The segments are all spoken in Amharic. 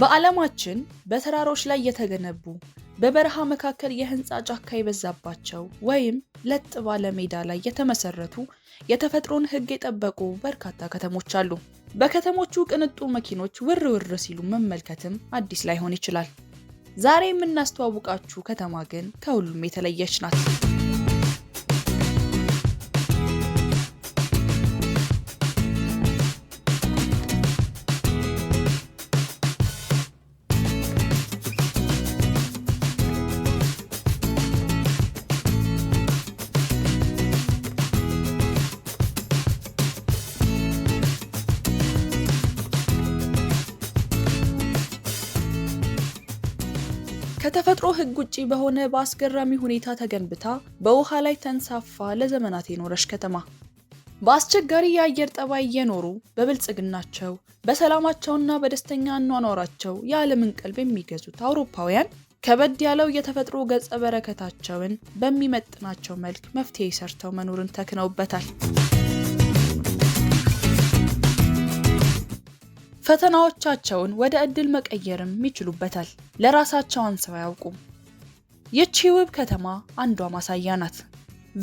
በዓለማችን በተራሮች ላይ የተገነቡ በበረሃ መካከል የህንፃ ጫካ የበዛባቸው ወይም ለጥ ባለ ሜዳ ላይ የተመሰረቱ የተፈጥሮን ህግ የጠበቁ በርካታ ከተሞች አሉ። በከተሞቹ ቅንጡ መኪኖች ውር ውር ሲሉ መመልከትም አዲስ ላይሆን ይችላል። ዛሬ የምናስተዋውቃችሁ ከተማ ግን ከሁሉም የተለየች ናት። ውጪ በሆነ በአስገራሚ ሁኔታ ተገንብታ በውሃ ላይ ተንሳፋ ለዘመናት የኖረች ከተማ በአስቸጋሪ የአየር ጠባይ እየኖሩ በብልጽግናቸው በሰላማቸውና በደስተኛ አኗኗራቸው የዓለምን ቀልብ የሚገዙት አውሮፓውያን ከበድ ያለው የተፈጥሮ ገጸ በረከታቸውን በሚመጥናቸው መልክ መፍትሄ ሰርተው መኖርን ተክነውበታል። ፈተናዎቻቸውን ወደ እድል መቀየርም ይችሉበታል። ለራሳቸው አንሰው አያውቁም። ይቺ ውብ ከተማ አንዷ ማሳያ ናት።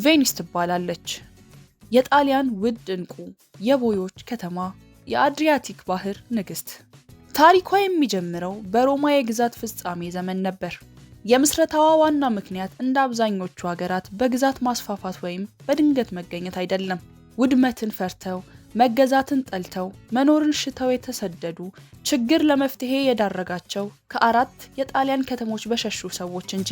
ቬኒስ ትባላለች። የጣሊያን ውድ ዕንቁ፣ የቦዮች ከተማ፣ የአድሪያቲክ ባህር ንግስት። ታሪኳ የሚጀምረው በሮማ የግዛት ፍጻሜ ዘመን ነበር። የምስረታዋ ዋና ምክንያት እንደ አብዛኞቹ ሀገራት በግዛት ማስፋፋት ወይም በድንገት መገኘት አይደለም። ውድመትን ፈርተው መገዛትን ጠልተው መኖርን ሽተው የተሰደዱ ችግር ለመፍትሄ የዳረጋቸው ከአራት የጣሊያን ከተሞች በሸሹ ሰዎች እንጂ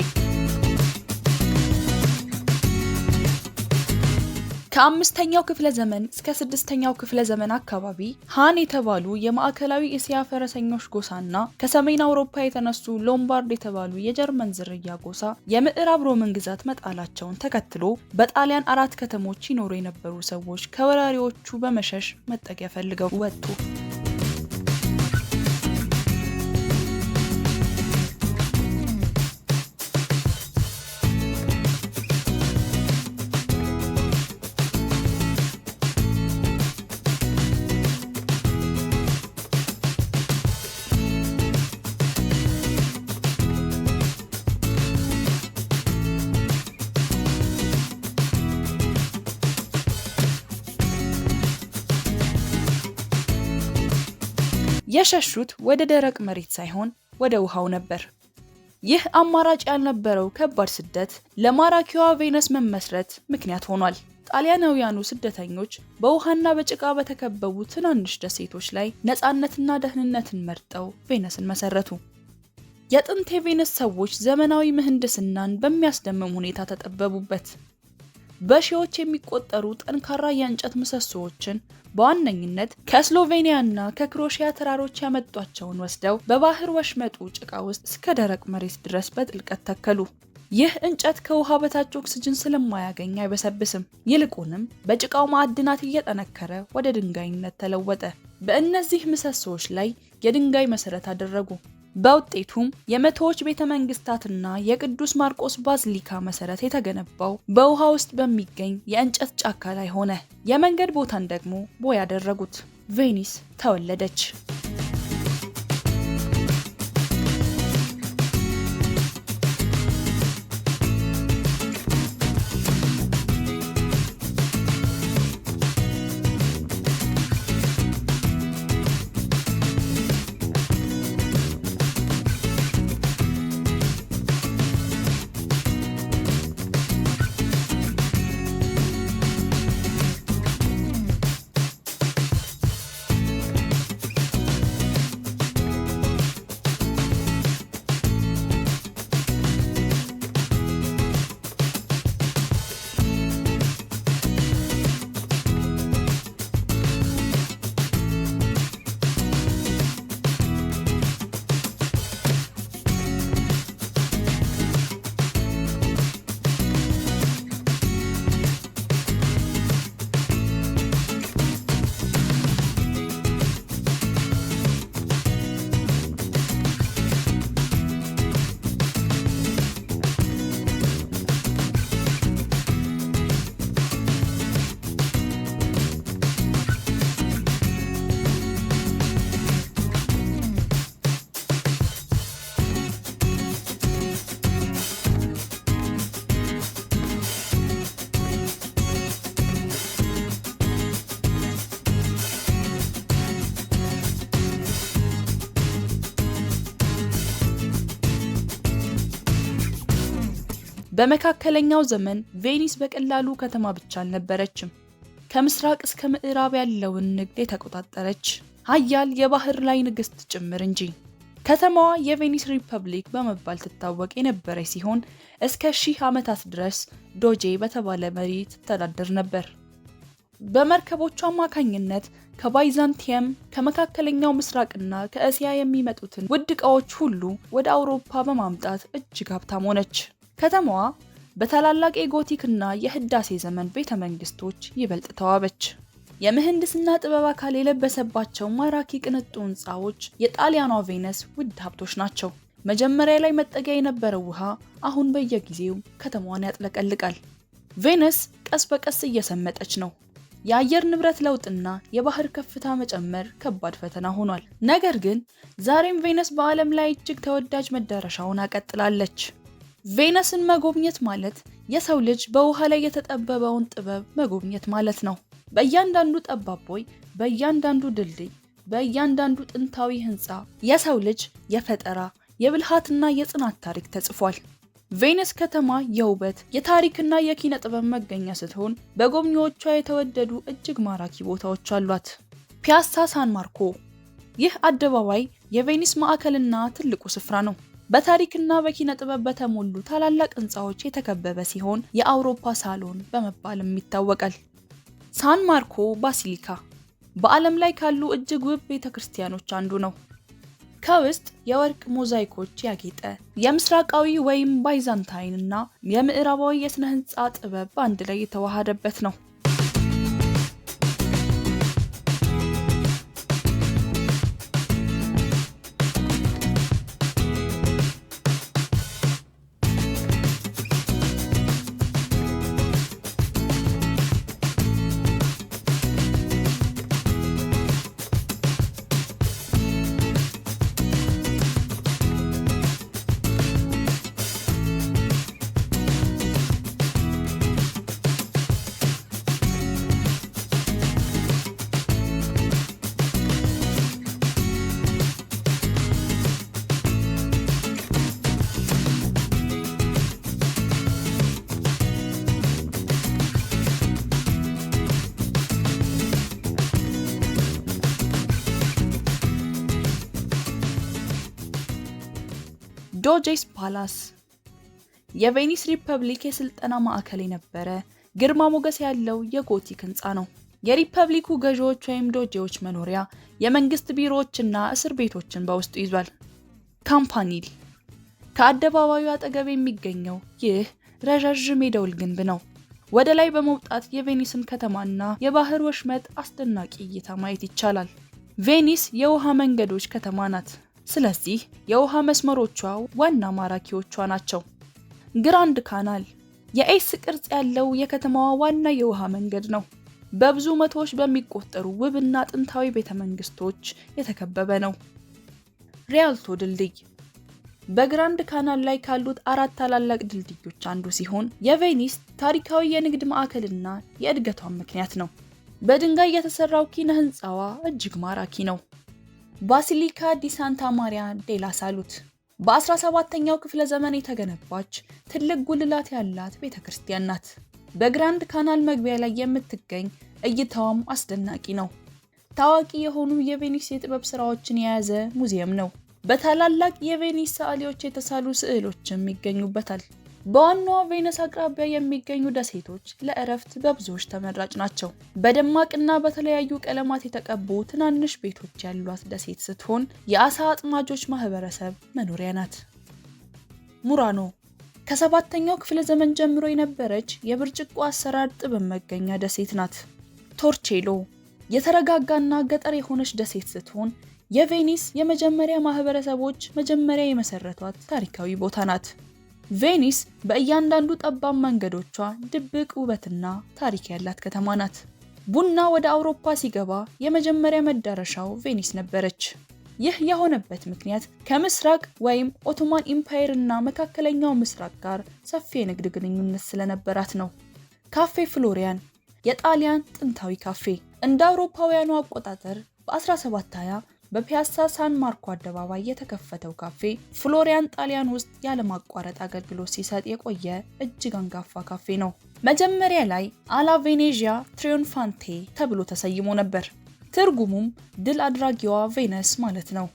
ከአምስተኛው ክፍለ ዘመን እስከ ስድስተኛው ክፍለ ዘመን አካባቢ ሃን የተባሉ የማዕከላዊ እስያ ፈረሰኞች ጎሳና ከሰሜን አውሮፓ የተነሱ ሎምባርድ የተባሉ የጀርመን ዝርያ ጎሳ የምዕራብ ሮምን ግዛት መጣላቸውን ተከትሎ በጣሊያን አራት ከተሞች ይኖሩ የነበሩ ሰዎች ከወራሪዎቹ በመሸሽ መጠጊያ ፈልገው ወጡ። የሸሹት ወደ ደረቅ መሬት ሳይሆን ወደ ውሃው ነበር። ይህ አማራጭ ያልነበረው ከባድ ስደት ለማራኪዋ ቬነስ መመስረት ምክንያት ሆኗል። ጣሊያናውያኑ ስደተኞች በውሃና በጭቃ በተከበቡ ትናንሽ ደሴቶች ላይ ነፃነትና ደህንነትን መርጠው ቬነስን መሰረቱ። የጥንት የቬነስ ሰዎች ዘመናዊ ምህንድስናን በሚያስደምም ሁኔታ ተጠበቡበት። በሺዎች የሚቆጠሩ ጠንካራ የእንጨት ምሰሶዎችን በዋነኝነት ከስሎቬኒያና ከክሮሺያ ተራሮች ያመጧቸውን ወስደው በባህር ወሽመጡ ጭቃ ውስጥ እስከ ደረቅ መሬት ድረስ በጥልቀት ተከሉ። ይህ እንጨት ከውሃ በታች ኦክስጅን ስለማያገኝ አይበሰብስም። ይልቁንም በጭቃው ማዕድናት እየጠነከረ ወደ ድንጋይነት ተለወጠ። በእነዚህ ምሰሶዎች ላይ የድንጋይ መሰረት አደረጉ። በውጤቱም የመቶዎች ቤተ መንግስታትና የቅዱስ ማርቆስ ባዝሊካ መሰረት የተገነባው በውሃ ውስጥ በሚገኝ የእንጨት ጫካ ላይ ሆነ። የመንገድ ቦታን ደግሞ ቦይ ያደረጉት። ቬኒስ ተወለደች። በመካከለኛው ዘመን ቬኒስ በቀላሉ ከተማ ብቻ አልነበረችም። ከምስራቅ እስከ ምዕራብ ያለውን ንግድ የተቆጣጠረች ሀያል የባህር ላይ ንግሥት ጭምር እንጂ። ከተማዋ የቬኒስ ሪፐብሊክ በመባል ትታወቅ የነበረች ሲሆን እስከ ሺህ ዓመታት ድረስ ዶጄ በተባለ መሪ ትተዳደር ነበር። በመርከቦቹ አማካኝነት ከባይዛንቲየም ከመካከለኛው ምስራቅና ከእስያ የሚመጡትን ውድ ዕቃዎች ሁሉ ወደ አውሮፓ በማምጣት እጅግ ሀብታም ሆነች። ከተማዋ በታላላቅ የጎቲክና የህዳሴ ዘመን ቤተ መንግስቶች ይበልጥ ተዋበች። የምህንድስና ጥበብ አካል የለበሰባቸው ማራኪ ቅንጡ ህንፃዎች የጣሊያኗ ቬነስ ውድ ሀብቶች ናቸው። መጀመሪያ ላይ መጠጊያ የነበረው ውሃ አሁን በየጊዜው ከተማዋን ያጥለቀልቃል። ቬነስ ቀስ በቀስ እየሰመጠች ነው። የአየር ንብረት ለውጥና የባህር ከፍታ መጨመር ከባድ ፈተና ሆኗል። ነገር ግን ዛሬም ቬነስ በዓለም ላይ እጅግ ተወዳጅ መዳረሻውን አቀጥላለች። ቬነስን መጎብኘት ማለት የሰው ልጅ በውሃ ላይ የተጠበበውን ጥበብ መጎብኘት ማለት ነው። በእያንዳንዱ ጠባብ ቦይ፣ በእያንዳንዱ ድልድይ፣ በእያንዳንዱ ጥንታዊ ህንፃ የሰው ልጅ የፈጠራ የብልሃትና የጽናት ታሪክ ተጽፏል። ቬነስ ከተማ የውበት የታሪክና የኪነ ጥበብ መገኛ ስትሆን በጎብኚዎቿ የተወደዱ እጅግ ማራኪ ቦታዎች አሏት። ፒያሳ ሳን ማርኮ ይህ አደባባይ የቬኒስ ማዕከልና ትልቁ ስፍራ ነው። በታሪክና በኪነ ጥበብ በተሞሉ ታላላቅ ህንፃዎች የተከበበ ሲሆን የአውሮፓ ሳሎን በመባልም ይታወቃል። ሳን ማርኮ ባሲሊካ በዓለም ላይ ካሉ እጅግ ውብ ቤተ ክርስቲያኖች አንዱ ነው። ከውስጥ የወርቅ ሞዛይኮች ያጌጠ የምስራቃዊ ወይም ባይዛንታይን እና የምዕራባዊ የሥነ ህንፃ ጥበብ በአንድ ላይ የተዋሃደበት ነው። ዶጄስ ፓላስ የቬኒስ ሪፐብሊክ የስልጠና ማዕከል የነበረ ግርማ ሞገስ ያለው የጎቲክ ህንፃ ነው። የሪፐብሊኩ ገዢዎች ወይም ዶጄዎች መኖሪያ፣ የመንግስት ቢሮዎችና እስር ቤቶችን በውስጡ ይዟል። ካምፓኒል ከአደባባዩ አጠገብ የሚገኘው ይህ ረዣዥም የደወል ግንብ ነው። ወደ ላይ በመውጣት የቬኒስን ከተማና የባህር ወሽመጥ አስደናቂ እይታ ማየት ይቻላል። ቬኒስ የውሃ መንገዶች ከተማ ናት። ስለዚህ የውሃ መስመሮቿ ዋና ማራኪዎቿ ናቸው። ግራንድ ካናል የኤስ ቅርጽ ያለው የከተማዋ ዋና የውሃ መንገድ ነው። በብዙ መቶዎች በሚቆጠሩ ውብና ጥንታዊ ቤተመንግስቶች የተከበበ ነው። ሪያልቶ ድልድይ በግራንድ ካናል ላይ ካሉት አራት ታላላቅ ድልድዮች አንዱ ሲሆን የቬኒስ ታሪካዊ የንግድ ማዕከልና የእድገቷን ምክንያት ነው። በድንጋይ የተሰራው ኪነ ህንፃዋ እጅግ ማራኪ ነው። ባሲሊካ ዲ ሳንታ ማሪያ ዴላ ሳሉት በ17ኛው ክፍለ ዘመን የተገነባች ትልቅ ጉልላት ያላት ቤተ ክርስቲያን ናት። በግራንድ ካናል መግቢያ ላይ የምትገኝ እይታዋም አስደናቂ ነው። ታዋቂ የሆኑ የቬኒስ የጥበብ ስራዎችን የያዘ ሙዚየም ነው። በታላላቅ የቬኒስ ሰዓሊዎች የተሳሉ ስዕሎችም ይገኙበታል። በዋናዋ ቬነስ አቅራቢያ የሚገኙ ደሴቶች ለእረፍት በብዙዎች ተመራጭ ናቸው። በደማቅና በተለያዩ ቀለማት የተቀቡ ትናንሽ ቤቶች ያሏት ደሴት ስትሆን የአሳ አጥማጆች ማህበረሰብ መኖሪያ ናት። ሙራኖ ከሰባተኛው ክፍለ ዘመን ጀምሮ የነበረች የብርጭቆ አሰራር ጥበብ መገኛ ደሴት ናት። ቶርቼሎ የተረጋጋና ገጠር የሆነች ደሴት ስትሆን የቬኒስ የመጀመሪያ ማህበረሰቦች መጀመሪያ የመሰረቷት ታሪካዊ ቦታ ናት። ቬኒስ በእያንዳንዱ ጠባብ መንገዶቿ ድብቅ ውበትና ታሪክ ያላት ከተማ ናት። ቡና ወደ አውሮፓ ሲገባ የመጀመሪያ መዳረሻው ቬኒስ ነበረች። ይህ የሆነበት ምክንያት ከምስራቅ ወይም ኦቶማን ኢምፓየር እና መካከለኛው ምስራቅ ጋር ሰፊ የንግድ ግንኙነት ስለነበራት ነው። ካፌ ፍሎሪያን የጣሊያን ጥንታዊ ካፌ እንደ አውሮፓውያኑ አቆጣጠር በ1720 በፒያሳ ሳን ማርኮ አደባባይ የተከፈተው ካፌ ፍሎሪያን ጣሊያን ውስጥ ያለማቋረጥ አገልግሎት ሲሰጥ የቆየ እጅግ አንጋፋ ካፌ ነው። መጀመሪያ ላይ አላ ቬኔዥያ ትሪዮንፋንቴ ተብሎ ተሰይሞ ነበር። ትርጉሙም ድል አድራጊዋ ቬነስ ማለት ነው።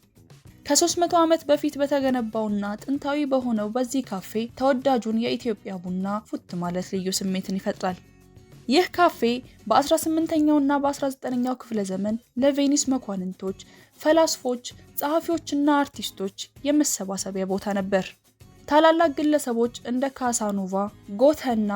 ከ300 ዓመት በፊት በተገነባውና ጥንታዊ በሆነው በዚህ ካፌ ተወዳጁን የኢትዮጵያ ቡና ፉት ማለት ልዩ ስሜትን ይፈጥራል። ይህ ካፌ በ18ኛውና በ19ኛው ክፍለ ዘመን ለቬኒስ መኳንንቶች፣ ፈላስፎች፣ ጸሐፊዎችና አርቲስቶች የመሰባሰቢያ ቦታ ነበር። ታላላቅ ግለሰቦች እንደ ካሳኖቫ፣ ጎተና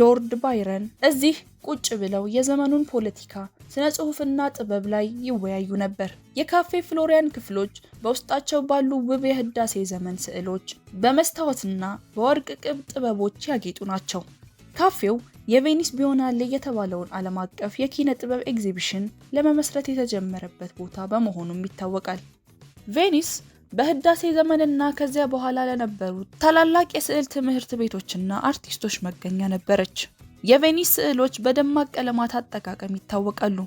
ሎርድ ባይረን እዚህ ቁጭ ብለው የዘመኑን ፖለቲካ፣ ስነ ጽሑፍና ጥበብ ላይ ይወያዩ ነበር። የካፌ ፍሎሪያን ክፍሎች በውስጣቸው ባሉ ውብ የህዳሴ ዘመን ስዕሎች፣ በመስታወትና በወርቅ ቅብ ጥበቦች ያጌጡ ናቸው። ካፌው የቬኒስ ቢዮናሌ የተባለውን ዓለም አቀፍ የኪነ ጥበብ ኤግዚቢሽን ለመመስረት የተጀመረበት ቦታ በመሆኑም ይታወቃል። ቬኒስ በህዳሴ ዘመንና ከዚያ በኋላ ለነበሩት ታላላቅ የስዕል ትምህርት ቤቶችና አርቲስቶች መገኛ ነበረች። የቬኒስ ስዕሎች በደማቅ ቀለማት አጠቃቀም ይታወቃሉ።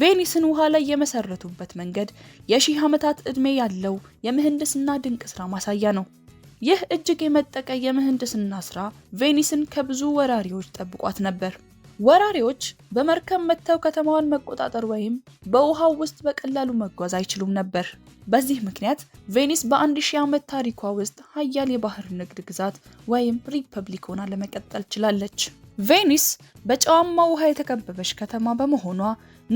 ቬኒስን ውሃ ላይ የመሰረቱበት መንገድ የሺህ ዓመታት ዕድሜ ያለው የምህንድስና ድንቅ ሥራ ማሳያ ነው። ይህ እጅግ የመጠቀ የምህንድስና ስራ ቬኒስን ከብዙ ወራሪዎች ጠብቋት ነበር። ወራሪዎች በመርከብ መጥተው ከተማዋን መቆጣጠር ወይም በውሃው ውስጥ በቀላሉ መጓዝ አይችሉም ነበር። በዚህ ምክንያት ቬኒስ በአንድ ሺህ ዓመት ታሪኳ ውስጥ ሀያል የባህር ንግድ ግዛት ወይም ሪፐብሊክ ሆና ለመቀጠል ችላለች። ቬኒስ በጨዋማ ውሃ የተከበበች ከተማ በመሆኗ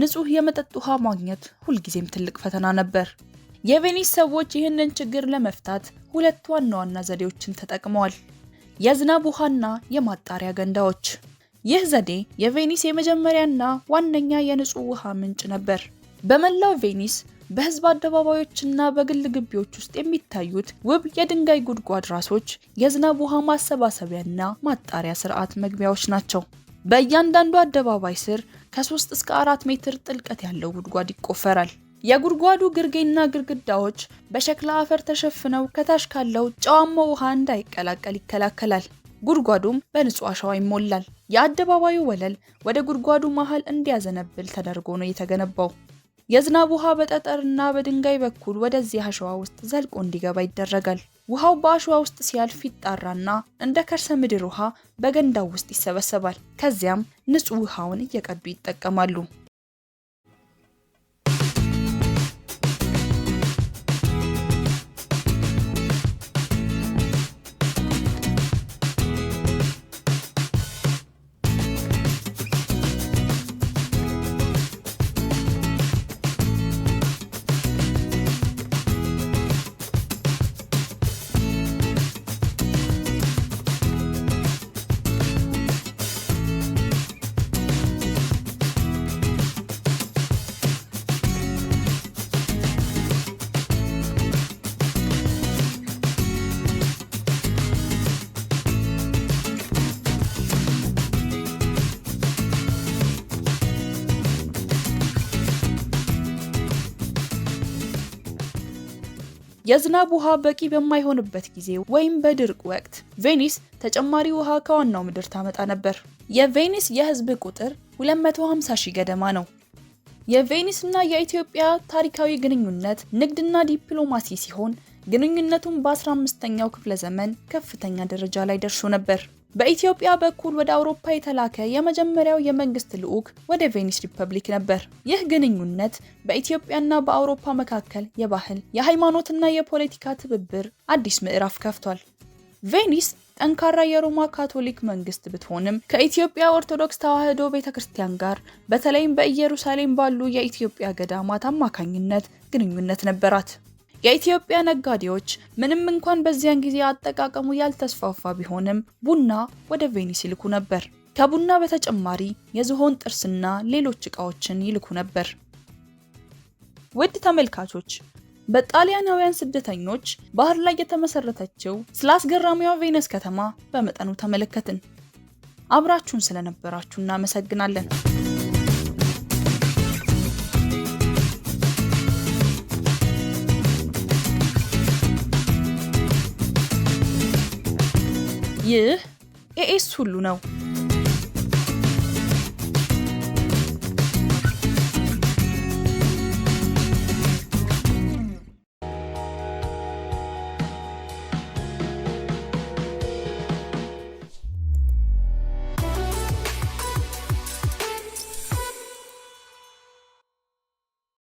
ንጹህ የመጠጥ ውሃ ማግኘት ሁልጊዜም ትልቅ ፈተና ነበር። የቬኒስ ሰዎች ይህንን ችግር ለመፍታት ሁለት ዋና ዋና ዘዴዎችን ተጠቅመዋል። የዝናብ ውሃና የማጣሪያ ገንዳዎች። ይህ ዘዴ የቬኒስ የመጀመሪያና ዋነኛ የንጹህ ውሃ ምንጭ ነበር። በመላው ቬኒስ በህዝብ አደባባዮችና በግል ግቢዎች ውስጥ የሚታዩት ውብ የድንጋይ ጉድጓድ ራሶች የዝናብ ውሃ ማሰባሰቢያና ማጣሪያ ስርዓት መግቢያዎች ናቸው። በእያንዳንዱ አደባባይ ስር ከ3 እስከ 4 ሜትር ጥልቀት ያለው ጉድጓድ ይቆፈራል። የጉድጓዱ ግርጌና ግድግዳዎች በሸክላ አፈር ተሸፍነው ከታች ካለው ጨዋማ ውሃ እንዳይቀላቀል ይከላከላል። ጉድጓዱም በንጹህ አሸዋ ይሞላል። የአደባባዩ ወለል ወደ ጉድጓዱ መሃል እንዲያዘነብል ተደርጎ ነው የተገነባው። የዝናብ ውሃ በጠጠርና በድንጋይ በኩል ወደዚህ አሸዋ ውስጥ ዘልቆ እንዲገባ ይደረጋል። ውሃው በአሸዋ ውስጥ ሲያልፍ ይጣራና እንደ ከርሰ ምድር ውሃ በገንዳው ውስጥ ይሰበሰባል። ከዚያም ንጹህ ውሃውን እየቀዱ ይጠቀማሉ። የዝናብ ውሃ በቂ በማይሆንበት ጊዜ ወይም በድርቅ ወቅት ቬኒስ ተጨማሪ ውሃ ከዋናው ምድር ታመጣ ነበር። የቬኒስ የህዝብ ቁጥር 250 ሺህ ገደማ ነው። የቬኒስ እና የኢትዮጵያ ታሪካዊ ግንኙነት ንግድና ዲፕሎማሲ ሲሆን ግንኙነቱም በ15ኛው ክፍለ ዘመን ከፍተኛ ደረጃ ላይ ደርሶ ነበር። በኢትዮጵያ በኩል ወደ አውሮፓ የተላከ የመጀመሪያው የመንግስት ልዑክ ወደ ቬኒስ ሪፐብሊክ ነበር። ይህ ግንኙነት በኢትዮጵያና በአውሮፓ መካከል የባህል የሃይማኖትና የፖለቲካ ትብብር አዲስ ምዕራፍ ከፍቷል። ቬኒስ ጠንካራ የሮማ ካቶሊክ መንግስት ብትሆንም ከኢትዮጵያ ኦርቶዶክስ ተዋሕዶ ቤተ ክርስቲያን ጋር በተለይም በኢየሩሳሌም ባሉ የኢትዮጵያ ገዳማት አማካኝነት ግንኙነት ነበራት። የኢትዮጵያ ነጋዴዎች ምንም እንኳን በዚያን ጊዜ አጠቃቀሙ ያልተስፋፋ ቢሆንም ቡና ወደ ቬኒስ ይልኩ ነበር። ከቡና በተጨማሪ የዝሆን ጥርስና ሌሎች ዕቃዎችን ይልኩ ነበር። ውድ ተመልካቾች በጣሊያናውያን ስደተኞች ባህር ላይ የተመሰረተችው ስለ አስገራሚዋ ቬነስ ከተማ በመጠኑ ተመለከትን። አብራችሁን ስለነበራችሁ እናመሰግናለን። ይህ ኤኤስ ሁሉ ነው።